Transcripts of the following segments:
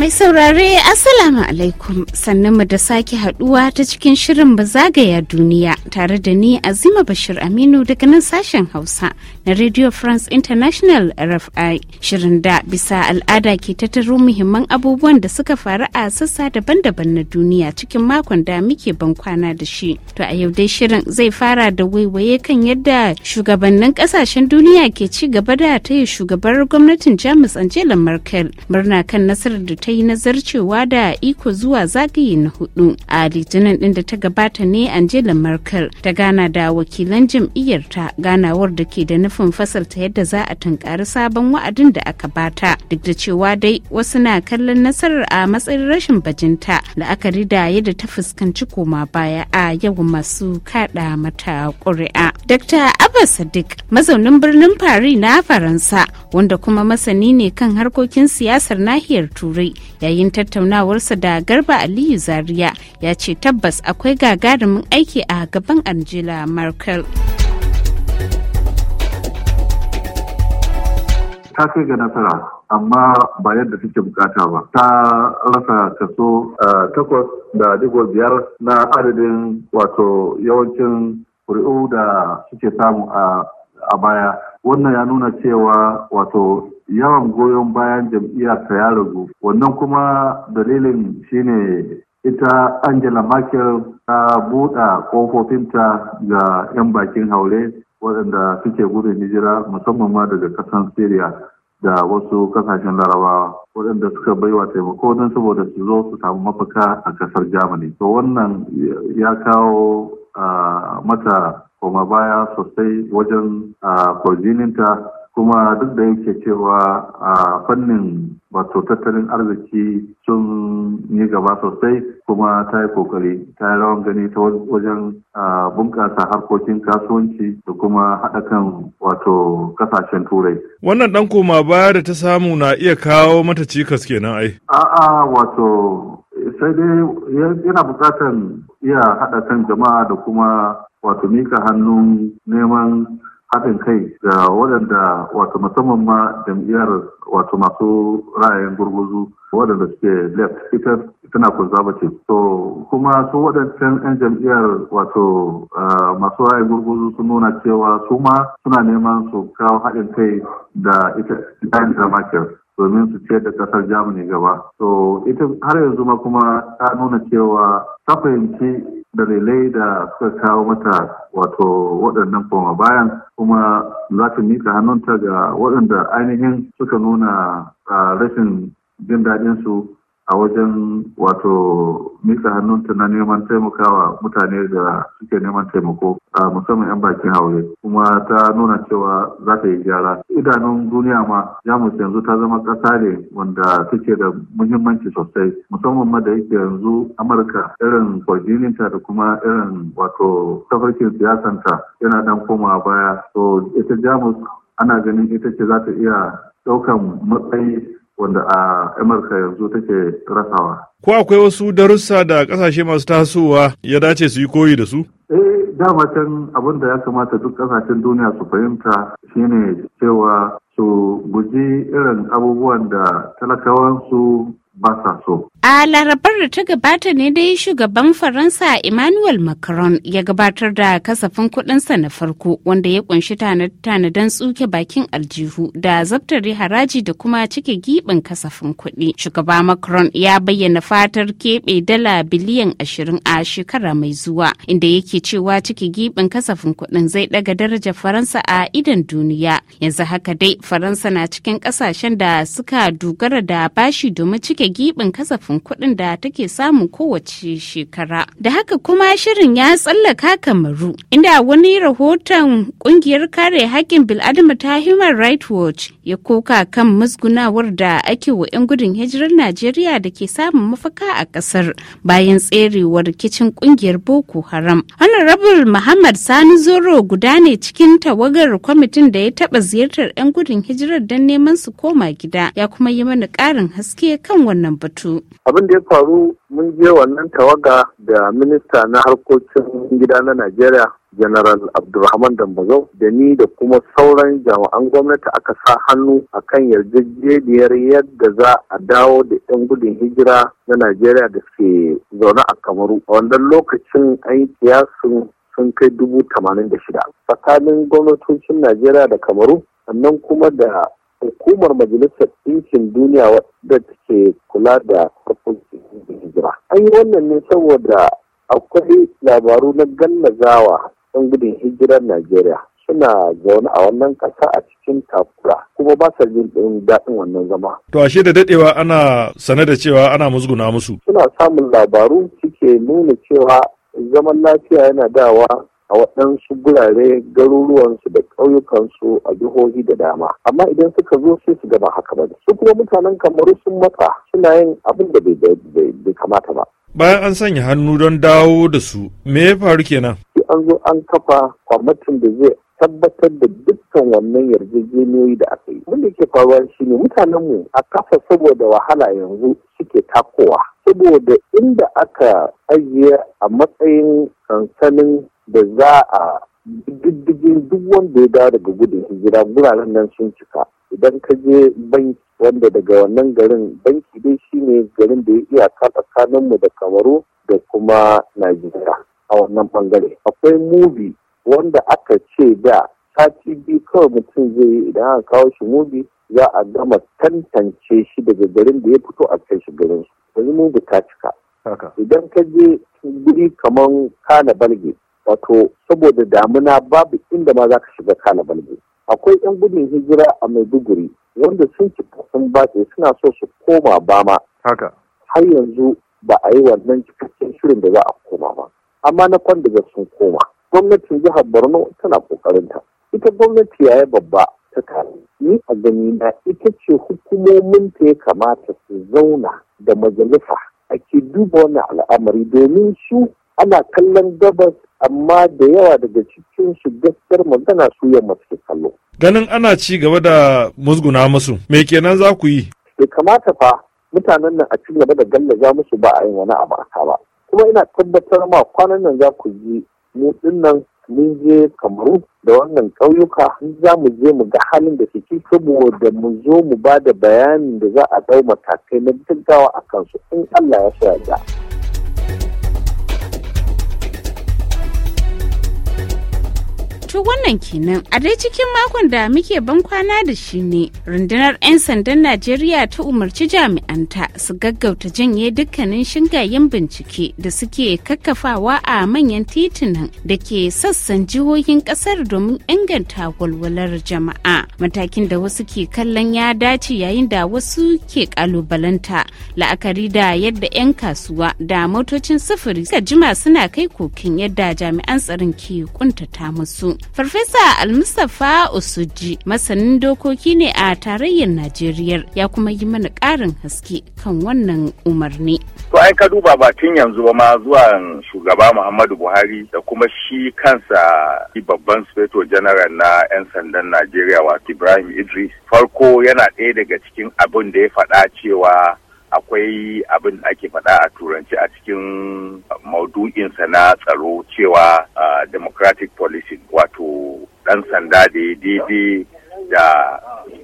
Mai saurare Assalamu alaikum sannan mu da sake haduwa ta cikin shirin bazagaya duniya tare da ni Azima Bashir Aminu daga nan sashen Hausa na Radio France International RFI. Shirin da bisa al'ada ke tattaro muhimman abubuwan da suka faru a sassa daban-daban na duniya cikin makon da muke ban kwana da shi. To a yau dai shirin zai fara da waiwaye kan yadda shugabannin kasashen duniya ke ci gaba da yi shugabar gwamnatin Jamus Angela Merkel murna kan nasarar da ta ta na zarcewa da iko zuwa zagaye na hudu a litinin din da ta gabata ne angela merkel ta gana da wakilan jam'iyyar ta ganawar da ke da nufin fasalta yadda za a tunkari sabon wa'adin da aka bata duk da cewa dai wasu na kallon nasarar a matsayin rashin bajinta la'akari da yadda ta fuskanci koma baya a yawan masu kada mata ƙuri'a. Dr. Abba Sadiq mazaunin birnin Paris na Faransa wanda kuma masani ne kan harkokin siyasar nahiyar Turai yayin tattaunawarsa da garba aliyu zaria ya ce tabbas akwai gagarumin aiki a gaban angela merkel ta kai ga nasara amma ba yadda suke bukata ba ta rasa kaso eh, takwas da digo biyar na adadin wato yawancin kuri'u da suke samu a baya wannan ya nuna cewa wato yawan goyon bayan jam'iyyar ta ya ragu wannan kuma dalilin shine ita angela merkel ta buɗa ƙofofinta ga 'yan bakin haure waɗanda suke gudun hijira musamman ma daga ƙasar syria da wasu ƙasashen larabawa waɗanda suka baiwa taimako don saboda su zo su samu mafaka a ƙasar germany to wannan ya kawo ah, mata koma baya sosai wajen ah, kwarjininta kuma duk da yake cewa a fannin wato tattalin arziki sun yi gaba sosai kuma ta yi kokari ta yi rawan gani ta wajen bunƙasa harkokin kasuwanci da kuma haɗa kan wato kasashen turai. Wannan ɗan koma baya da ta samu na iya kawo mata cikas kenan ai. A'a wato sai dai yana buƙatar iya haɗa kan jama'a da kuma wato mika hannun neman haɗin kai ga waɗanda wato musamman ma jam'iyyar wato masu ra'ayin gurguzu waɗanda suke left ita tana conservative so kuma su waɗancan 'yan jam'iyyar wato masu ra'ayin gurguzu sun nuna cewa su ma suna neman su kawo haɗin kai da ita da makiyar domin su ce da kasar germany gaba to ita har yanzu ma kuma ta nuna cewa ta fahimci dalilai da suka kawo mata wato waɗannan koma bayan kuma za ta miƙa hannunta ga waɗanda ainihin suka nuna ah, rashin jin daɗinsu a wajen wato nisa hannunta na neman taimakawa mutane da suke neman taimako a musamman 'yan bakin haure kuma ta nuna cewa za ta yi gyara idanun duniya ma jamus yanzu ta zama ƙasa ne wanda take da muhimmanci sosai musamman ma da yake yanzu amurka irin kwarjininta da kuma irin wato tafarkin siyasanta yana dan komawa baya to ita jamus ana ganin ita ce za ta iya ɗaukan matsayi wanda a amurka yanzu take rasawa ko akwai wasu darussa da kasashe masu tasowa ya dace su yi koyi da su eh dama can abin da ya kamata duk kasashen duniya su fahimta shine cewa su guji irin abubuwan da talakawansu ba so. A larabar da ta gabata ne dai shugaban Faransa Emmanuel Macron ya gabatar da kasafin kuɗinsa na farko wanda ya kunshi tanadan tsuke bakin aljihu da zabtare haraji da kuma cike giɓin kasafin kuɗi. Shugaba Macron ya bayyana fatar keɓe dala biliyan ashirin a shekara mai zuwa inda yake cewa cike giɓin kasafin kuɗin zai ɗaga daraja Faransa a idan duniya. Yanzu haka dai Faransa na cikin ƙasashen da suka dogara da bashi domin cike gibin kasafin kuɗin da take samun kowace shekara. Da haka kuma shirin ya tsallaka kamaru inda wani rahoton kungiyar kare haƙƙin bil'adama ta Human Rights Watch ya koka kan musgunawar da ake wa 'yan gudun hijirar Najeriya da ke samun mafaka a ƙasar bayan tserewar kicin kungiyar Boko Haram. Honorable Muhammad Sani Zoro guda ne cikin tawagar kwamitin da ya taɓa ziyartar 'yan gudun hijirar don neman su koma gida ya kuma yi mana ƙarin haske kan wani wannan batu. Abin da ya faru mun je wannan tawaga da minista na harkokin gida na Najeriya General Abdulrahman Dambazo da ni da kuma sauran jami'an gwamnati aka sa hannu a kan yarjejeniyar yadda za a dawo da 'yan gudun hijira na Najeriya da ke zaune a Kamaru. A wannan lokacin an yi kiyasin sun kai dubu tamanin da shida tsakanin gwamnatocin Najeriya da Kamaru sannan kuma da hukumar majalisar ɗinkin duniya wadda take kula da harkokin hijira. An yi wannan ne saboda akwai labaru na gallazawa ɗan gudun hijirar Najeriya suna zaune a wannan ƙasa a cikin takura kuma ba sa jin ɗin daɗin wannan zama. To ashe da daɗewa ana sane da cewa ana musguna musu. Suna samun labaru suke nuna cewa zaman lafiya yana dawa a waɗansu gurare garuruwansu da ƙauyukansu a jihohi da dama amma idan suka zo sai su gaba haka ba su kuma mutanen kamaru sun matsa suna yin abin da bai kamata ba bayan an sanya hannu don dawo da su me ya faru kenan an zo an kafa kwamitin da zai tabbatar da dukkan wannan yarjejeniyoyi da aka yi wanda ke faruwa shine mutanenmu a kafa saboda wahala yanzu suke takowa saboda inda aka ajiye a matsayin sansanin da za a diddigin duk wanda ya dawo daga gudun hijira guraren nan sun cika idan ka je banki wanda daga wannan garin banki dai shine garin da ya iya iyaka mu da kamaru da kuma najeriya a wannan bangare akwai mubi wanda aka ce da sati biyu kawai mutum zai yi idan aka kawo shi mubi za a gama tantance shi daga garin da ya fito a kai shi garin su yanzu mubi ta cika idan ka je guri kamar kana balge wato saboda damuna babu inda ma za ka shiga kana balbe akwai 'yan gudun hijira a maiduguri wanda sun ci sun batse suna so su koma bama haka har yanzu ba a yi wannan cikakken shirin da za a koma ba amma na kwan daga sun koma gwamnatin jihar borno tana kokarin ta. ita gwamnati yaya babba ta kare ni a gani na ita ce hukumomin ta ya kamata su zauna da majalisa ake duba wannan al'amari domin su ana kallon gabas amma da yawa daga cikin su gaskiyar magana su yamma suke kallo. Ganin ana ci gaba da musguna musu, me kenan za ku yi? Bai kamata fa mutanen nan a ci gaba da gallaza musu ba a yin wani abu a ba. Kuma ina tabbatar ma kwanan nan za ku ji mu dinnan mun je kamaru da wannan ƙauyuka za mu je mu ga halin da suke saboda mu zo mu ba da bayanin da za a dau matakai na gaggawa a kansu in Allah ya sa To wannan kenan a dai cikin makon da muke ban kwana da shi ne rundunar 'yan sandan Najeriya ta umarci jami'anta su gaggauta janye dukkanin shingayen bincike da suke kakkafawa a manyan titunan da ke sassan jihohin kasar domin inganta walwalar jama'a. Matakin da wasu ke kallon ya dace yayin da wasu ke kalubalanta la'akari da yadda 'yan kasuwa da motocin sufuri suka jima suna kai kokin yadda jami'an tsaron ke kuntata musu. Farfesa Almustapha Usuji masanin dokoki ne a tarayyar Najeriya ya kuma yi mana ƙarin haske kan wannan umarni. To ai ka duba ba tun yanzu ba ma zuwa shugaba Muhammadu Buhari da kuma shi kansa babban Sufeto General na 'yan sandan Najeriya wato Ibrahim Idris farko yana ɗaya daga cikin abin da ya faɗa cewa akwai abin da ake faɗa a turanci a cikin maudu'insa na tsaro cewa democratic policy wato ɗan sanda da ya daidai da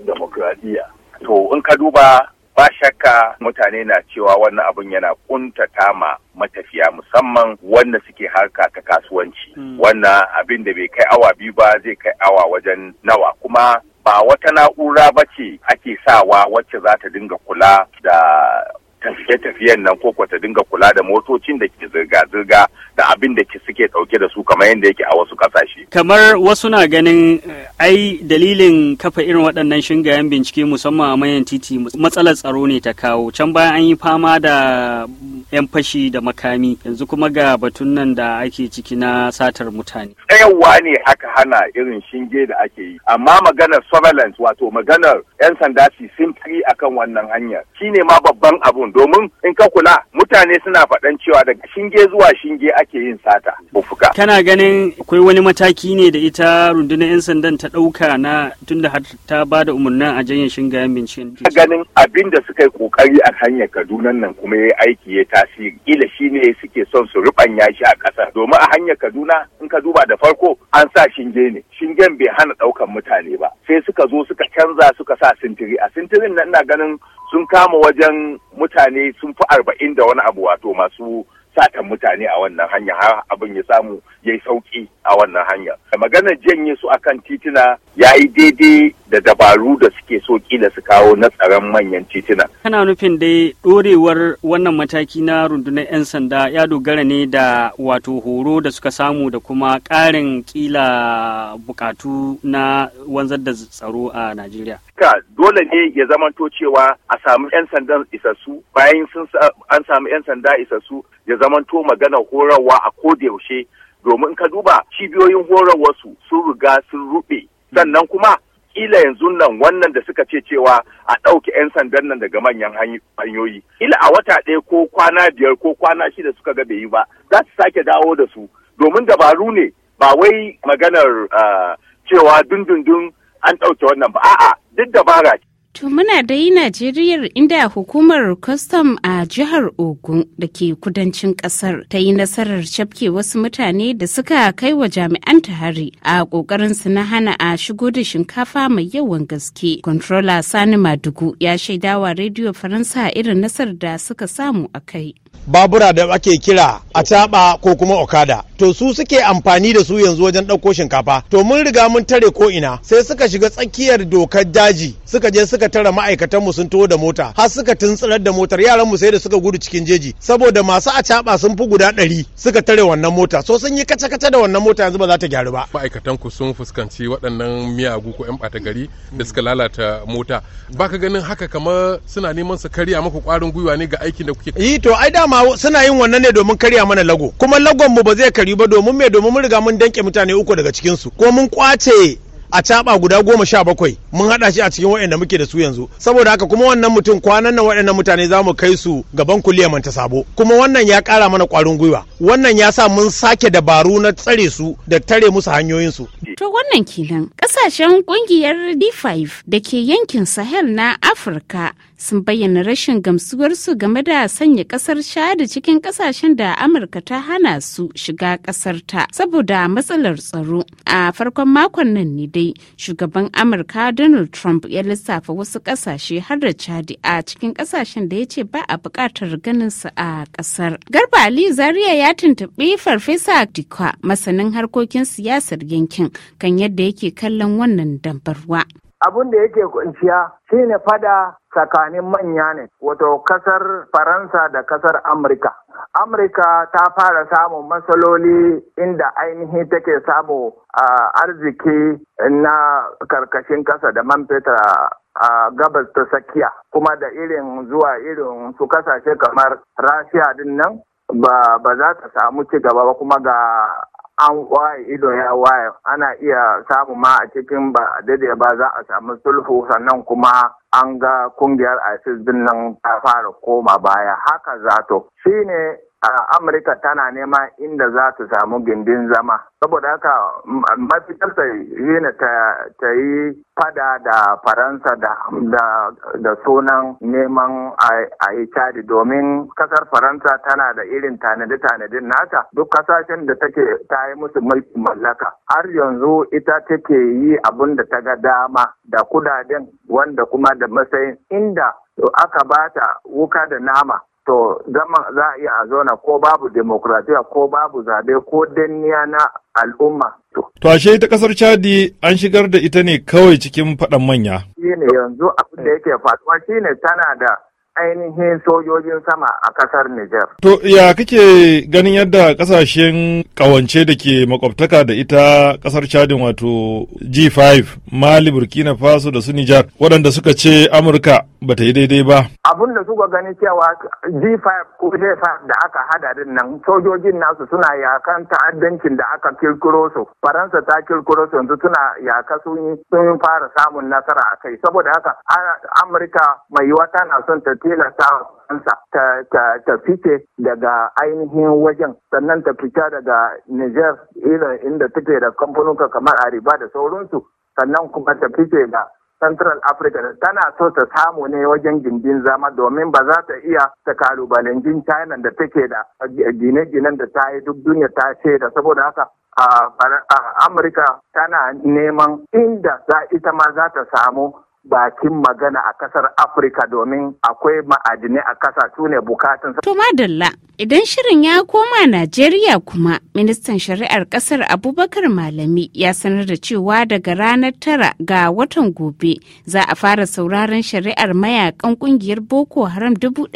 demokradiyya. To in ka duba ba shakka mutane na cewa wannan abin yana kuntata ma matafiya musamman wanda suke harka ta kasuwanci. Hmm. Wannan abin da bai kai awa biyu ba zai kai awa wajen nawa kuma ba wata na'ura ba ce ake sawa wacce za ta dinga kula da tafiye-tafiyen nan ko ta dinga kula da motocin da ke zirga-zirga da abin da ke suke dauke da su kamar yadda yake a wasu kasashe. Kamar wasu na ganin eh, ai dalilin kafa irin waɗannan shingayen bincike musamman a mayan titi matsalar tsaro ne ta kawo can bayan an yi fama da 'yan fashi da makami yanzu kuma ga batun nan da ake ciki na satar mutane. Tsayarwa ne aka hana irin shinge da ake yi, amma maganar surveillance wato maganar 'yan sanda su Kari akan wannan hanyar Shi ne ma babban abun domin in ka kula mutane suna faɗan cewa daga shinge zuwa shinge ake yin sata bufuka. Kana ganin akwai wani mataki ne da ita rundunar 'yan sandan ta ɗauka na tunda har ta ba da umarnin a janye shinga bincike. Ganin abin da suka yi ƙoƙari a hanyar Kaduna nan kuma ya aiki ya ta za su kila shi ne suke son su rubanya yashi a ƙasa domin a hanyar kaduna in ka duba da farko an sa shinge ne shingen bai hana ɗaukan mutane ba sai suka zo suka canza suka sa sintiri a sintirin nan ina ganin sun kama wajen mutane sun fi arba'in da wani abu wato masu satan mutane a wannan hanya har abin ya samu ya yi sauki a wannan hanya. Maganar janye su akan titina ya yi daidai da dabaru da suke so kila su kawo na tsaron manyan titina. Kana nufin dai ɗorewar wannan mataki na rundunar 'yan sanda ya dogara ne da wato horo da suka samu da kuma ƙarin kila buƙatu na wanzar da tsaro a Najeriya. Ka dole ne ya zamanto cewa a samu 'yan sandan isassu bayan an samu 'yan sanda isassu ya zamanto magana horarwa a koda yaushe domin ka duba cibiyoyin horarwarsu sun riga sun ruɓe sannan kuma ƙila yanzu nan wannan da suka ce cewa a ɗauki 'yan sandan nan daga manyan hanyoyi Ƙila a wata ɗaya ko kwana biyar ko kwana shida suka ga bai yi ba za su sake dawo da su domin dabaru ne ba wai maganar ah, cewa dundundun an ɗauke wannan ba a'a duk dabara ce To muna dai Najeriya inda hukumar kwastam a jihar Ogun da ke kudancin kasar ta yi nasarar cafke wasu mutane da suka kai wa jami'an ta hari a kokarin su na hana a shigo da shinkafa mai yawan gaske. Controller Sani Madugu ya shaidawa Radio Faransa irin nasar da suka samu a kai. babura da ake kira a caɓa ko kuma okada to su suke amfani da su yanzu wajen ɗauko shinkafa to mun riga mun tare ko ina sai suka shiga tsakiyar dokar daji suka je suka tara ma'aikatan mu sun tuwo da mota har suka tuntsirar da motar yaran mu sai da suka gudu cikin jeji saboda masu a caɓa sun fi guda ɗari suka tare wannan mota so sun yi kaca kaca da wannan mota yanzu ba za ta gyaru ba ma'aikatan ku sun fuskanci waɗannan miyagu ko yan ɓata gari da suka lalata mota baka ganin haka kamar suna neman su karya maku ƙwarin gwiwa ne ga aikin da kuke yi eh to ai da dama suna yin wannan ne domin karya mana lago kuma lagon mu ba zai kari ba domin me domin mun riga mun danke mutane uku daga cikin su ko mun kwace a caba guda goma sha bakwai mun haɗa shi a cikin waɗanda muke da su yanzu saboda haka kuma wannan mutum kwanan nan waɗannan mutane za mu kai su gaban kuliyar manta sabo kuma wannan ya ƙara mana ƙwarin gwiwa wannan ya sa mun sake dabaru na tsare su da tare musu hanyoyin su. to wannan kenan ƙasashen ƙungiyar d5 da ke yankin sahel na afirka sun bayyana rashin gamsuwarsu game da sanya kasar shadi cikin kasashen da amurka ta hana su shiga kasar ta saboda matsalar tsaro a farkon makon nan ne dai shugaban amurka donald trump ya lissafa wasu kasashe har da chadi a cikin kasashen da ya ce ba a bukatar ganin su a kasar garba ali zaria ya tuntuɓi farfesa dikwa masanin harkokin siyasar yankin kan yadda yake kallon wannan dambarwa Abun da yake kunciya shine fada tsakanin manya ne wato kasar faransa da kasar amurka amurka ta fara samun matsaloli inda ainihi take samu arziki na karkashin kasa da man fetur a gabas ta tsakiya kuma da irin zuwa irin su kasashe kamar rashiya din nan ba za ta samu ci gaba ba kuma ga an waye ido ya waye ana iya samu ma a cikin ba a daidai ba za a samu sulhu sannan kuma an ga kungiyar isis din nan ta fara koma baya haka zato shine a amurka tana nema inda za su samu gindin zama saboda haka mafitarsa yana ta yi fada da faransa da sunan neman a yi cadi domin kasar faransa tana da irin tanadi-tanadin nata duk kasashen da take ta yi musu mulkin mallaka har yanzu ita take yi abun da ta ga dama da kudaden wanda kuma da matsayin inda aka bata wuka da nama to zama za a iya a zauna ko babu demokratiya ko babu zabe ko danniya na al'umma. To ashe ita kasar Chadi an shigar da ita ne kawai cikin faɗan manya. Shi yanzu abin da yake faɗuwa shi ne tana da ainihin sojojin sama a kasar Nijar. To ya kake ganin yadda kasashen kawance da ke makwabtaka da ita kasar Chadin wato G5 Mali Burkina Faso da su Nijar waɗanda suka ce Amurka ba ta yi daidai ba. Abin da suka gani cewa G5 ko G5 da aka hada din nan sojojin nasu suna yakan ta'addancin da aka kirkiro su. Faransa ta kirkiro su yanzu suna yaka sun fara samun nasara a kai saboda haka Amurka mai wata na son ta ta kansa ta, ta, ta fice daga ainihin wajen sannan ta fita daga Niger irin inda take da kamfanuka kamar Ariba da sauransu sannan kuma ta fice da Central Africa tana so ta samu ne wajen gindin zama domin ba za ta iya ta kalubalengin China da take da gine-ginen da ta yi duk duniya ta da saboda haka a Amurka tana neman inda za ita ma za ta samu bakin magana a kasar Afirka domin akwai ma'adinai a kasa su ne bukatun. To madalla idan shirin ya koma Najeriya kuma ministan shari'ar kasar Abubakar Malami ya sanar da cewa daga ranar tara ga watan gobe za a fara sauraron shari'ar mayakan kungiyar Boko Haram dubu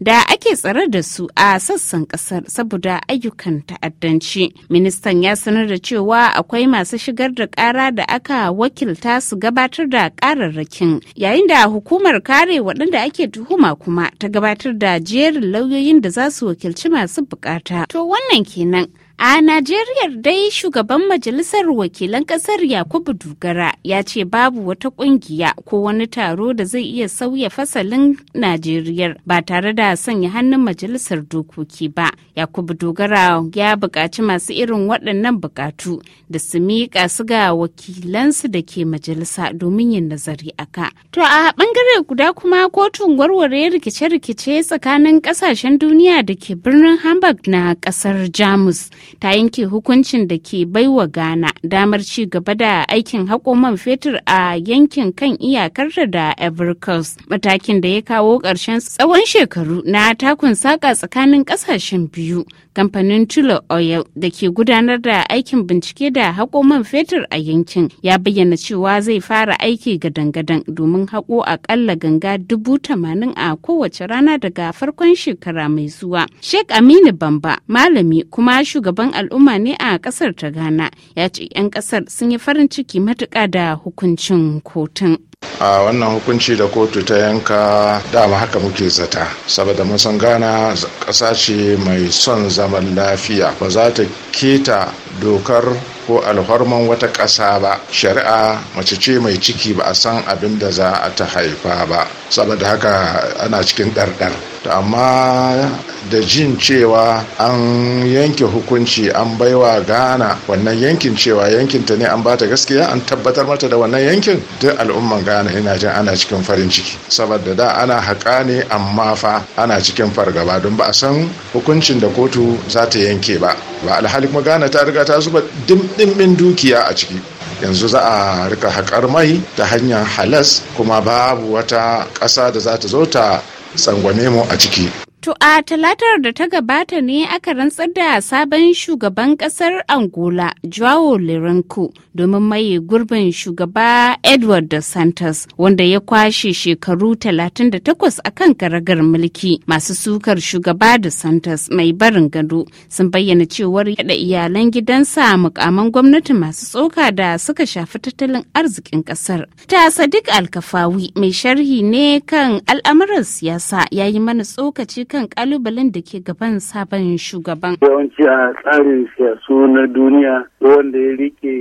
da ake tsare da su a sassan kasar saboda ayyukan ta'addanci. Ministan ya sanar da cewa akwai masu shigar da ƙara da aka wakilta su gabatar da kararrakin yayin da hukumar kare waɗanda ake tuhuma kuma ta gabatar da jerin lauyoyin da za su wakilci masu bukata to wannan kenan A Najeriya dai shugaban majalisar wakilan kasar Yakubu Dugara ya ce babu wata kungiya ko wani taro da zai iya sauya fasalin Najeriya ba tare da sanya hannun majalisar dokoki ba. Yakubu Dugara ya buƙaci masu irin waɗannan buƙatu da su miƙa su ga wakilansu da ke majalisa domin yin nazari a ka. To a ɓangare guda kuma kotun warware rikice-rikice tsakanin ƙasashen duniya da ke birnin Hamburg na ƙasar Jamus. ta yanke hukuncin da ke baiwa ghana damar ci gaba da aikin haƙo man fetur a yankin kan iyakarta da ivory coast matakin da ya kawo ƙarshen tsawon shekaru na takun saƙa tsakanin ƙasashen biyu kamfanin tula oil da ke gudanar da aikin bincike da haƙo man fetur a yankin ya bayyana cewa zai fara aiki gadan-gadan domin haƙo aƙalla ganga dubu tamanin a kowace rana daga farkon shekara mai zuwa sheikh aminu bamba malami kuma shugaban shugaban al'umma ne a kasar ta ghana ya ce 'yan kasar sun yi farin ciki matuƙa da hukuncin kotun a wannan hukunci da kotu ta yanka dama haka muke zata saboda mun san gana ƙasa ce mai son zaman lafiya ba za ta keta dokar ko alhorman wata ƙasa ba shari'a mace ce mai ciki ba a san abin da za a ta haifa ba saboda haka ana cikin ɗarɗar amma da jin cewa an yanke hukunci an baiwa ghana wannan yankin cewa yankin ta ne an ba ta gaskiya an tabbatar mata da wannan yankin duk al'umman ghana ina jin ana cikin farin ciki saboda da ana haƙa ne amma fa ana cikin fargaba don ba a san hukuncin da kotu za ta yanke ba ba alhali kuma ghana ta riga ta zuba dimdimin dukiya a ciki yanzu za a rika haƙar mai ta hanyar halas kuma babu wata ƙasa da za ta zo ta tsangwame mu a ciki To a talatar da ta gabata ne aka rantsar da sabon shugaban kasar Angola, Joao Lourenço, domin maye gurbin shugaba Edward da Santos, wanda ya kwashe shekaru 38 a kan karagar mulki. Masu sukar shugaba da Santos mai barin gado sun bayyana cewar yada iyalan gidansa mukaman gwamnati masu tsoka da suka shafi tattalin arzikin kasar. Ta Sadiq Alkafawi mai sharhi ne kan al'amuran siyasa ya yi mana tsokaci kan kalubalen da ke gaban sabon shugaban. Yawanci a tsarin siyasu na duniya wanda ya rike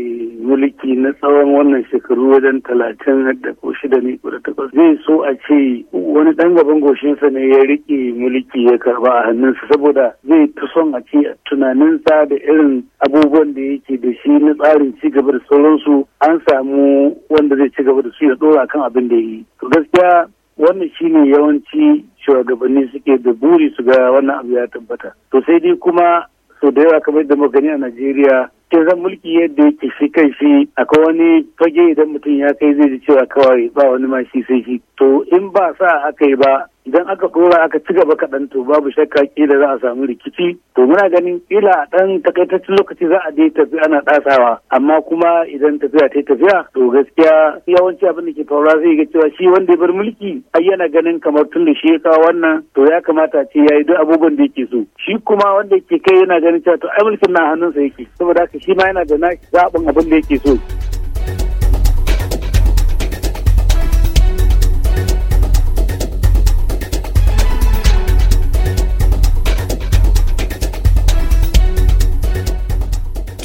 mulki na tsawon wannan shekaru wajen talatin da ko shida ne ko da takwas zai so a ce wani dan gaban goshinsa ne ya rike mulki ya karba a hannunsa saboda zai ta son a ce tunaninsa da irin abubuwan da yake da shi na tsarin ci gaba da sauransu an samu wanda zai ci gaba da su ya dora kan abin da ya yi. To gaskiya wannan shine yawanci shugabanni suke da buri su ga wannan abu ya tabbata to sai dai kuma sau da yawa kamar da magani a najeriya sai zan mulki yadda yake shi kai shi akwai wani fage idan mutum ya kai zai ji cewa kawai ba wani ma shi sai shi to in ba sa aka yi ba idan aka kora aka ci gaba kaɗan to babu shakka kila za a samu rikici to muna ganin kila a ɗan takaitaccen lokaci za a dai tafi ana ɗasawa amma kuma idan tafiya ta yi tafiya to gaskiya yawanci abin da ke faruwa zai ga cewa shi wanda ya bar mulki ai yana ganin kamar tun da shi ya kawo wannan to ya kamata ce ya yi duk abubuwan da yake so shi kuma wanda ke kai yana ganin cewa to ai mulkin na hannunsa yake saboda haka shi ma yana da nashi zaɓin abin da yake so.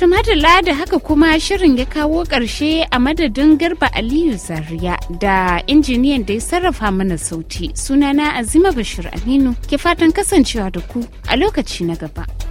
Tumatula da haka kuma shirin ya kawo ƙarshe a madadin garba Aliyu Zaria da injiniyan da ya sarrafa mana sauti sunana Azima Bashir Aminu ke fatan kasancewa da ku a lokaci na gaba.